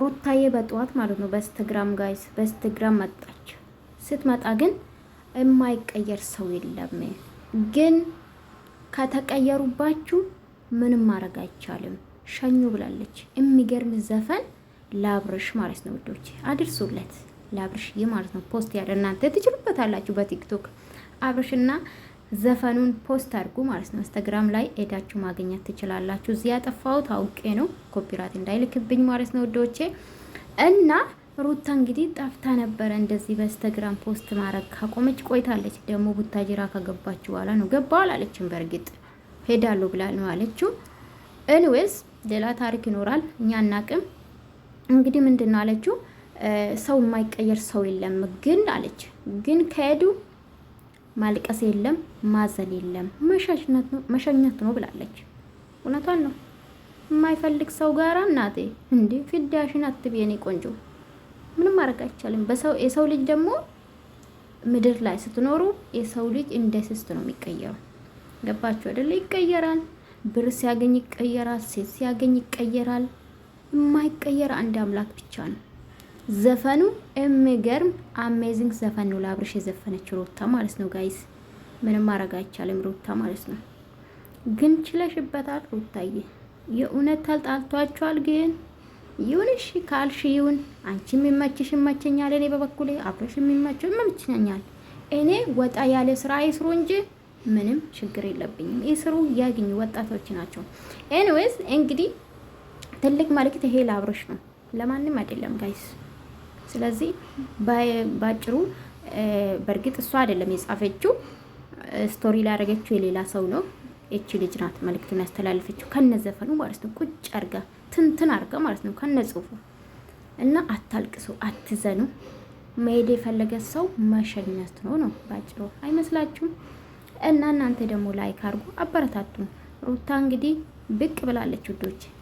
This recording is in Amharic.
ሩታዬ በጠዋት ማለት ነው በኢንስታግራም ጋይስ በኢንስታግራም መጣች። ስትመጣ ግን የማይቀየር ሰው የለም። ግን ከተቀየሩባችሁ ምንም ማድረግ አይቻልም፣ ሸኙ ብላለች። የሚገርም ዘፈን ላብርሽ ማለት ነው ውዶች፣ አድርሱለት ለአብርሽ ይህ ማለት ነው ፖስት ያለ እናንተ ትችሉበታላችሁ በቲክቶክ አብርሽና ዘፈኑን ፖስት አድርጉ ማለት ነው። ኢንስታግራም ላይ ሄዳችሁ ማግኘት ትችላላችሁ። እዚህ ያጠፋሁት አውቄ ነው፣ ኮፒራይት እንዳይልክብኝ ማለት ነው ውዶቼ እና ሩታ እንግዲህ ጠፍታ ነበረ። እንደዚህ በኢንስታግራም ፖስት ማድረግ ካቆመች ቆይታለች። ደግሞ ቡታጅራ ካገባች በኋላ ነው ገባሁ አላለችም። በእርግጥ ሄዳለሁ ብላ ነው አለችው። እንዌዝ ሌላ ታሪክ ይኖራል፣ እኛ እናቅም። እንግዲህ ምንድን ነው አለችው፣ ሰው የማይቀየር ሰው የለም ግን አለች ግን ከሄዱ ማልቀስ የለም ማዘን የለም መሸኘት ነው ብላለች። እውነቷን ነው። የማይፈልግ ሰው ጋራ እናቴ እንዲ ፊዳሽን አትቢ የኔ ቆንጆ። ምንም ማድረግ አይቻልም። በሰው የሰው ልጅ ደግሞ ምድር ላይ ስትኖሩ የሰው ልጅ እንደ ስስት ነው የሚቀየረው። ገባችሁ አይደለ? ይቀየራል። ብር ሲያገኝ ይቀየራል። ሴት ሲያገኝ ይቀየራል። የማይቀየር አንድ አምላክ ብቻ ነው። ዘፈኑ የሚገርም አሜዚንግ ዘፈን ነው። ለአብርሽ የዘፈነችው ሩታ ማለት ነው። ጋይስ ምንም ማድረግ አይቻልም። ሩታ ማለት ነው። ግን ችለሽበታል ሩታዬ። የእውነት ተጣልቷችኋል። ግን ይሁንሽ ካልሽ ይሁን። አንቺ የሚመችሽ ይመቸኛል። እኔ በበኩሌ አብርሽ የሚመቸው ይመችኛል። እኔ ወጣ ያለ ስራ ይስሩ እንጂ ምንም ችግር የለብኝም። ይስሩ ያግኙ፣ ወጣቶች ናቸው። ኤኒዌይስ እንግዲህ ትልቅ መልእክት ይሄ ለአብርሽ ነው፣ ለማንም አይደለም ጋይስ ስለዚህ ባጭሩ በእርግጥ እሷ አይደለም የጻፈችው፣ ስቶሪ ላደረገችው የሌላ ሰው ነው። እቺ ልጅ ናት መልእክቱን ያስተላልፈችው ከነ ዘፈኑ ማለት ነው። ቁጭ አርጋ ትንትን አርጋ ማለት ነው ከነ ጽሁፉ እና አታልቅሱ፣ አትዘኑ። መሄድ የፈለገ ሰው መሸኘት ነው ነው ባጭሩ። አይመስላችሁም? እና እናንተ ደግሞ ላይክ አርጉ፣ አበረታቱ። ሩታ እንግዲህ ብቅ ብላለች ውዶች።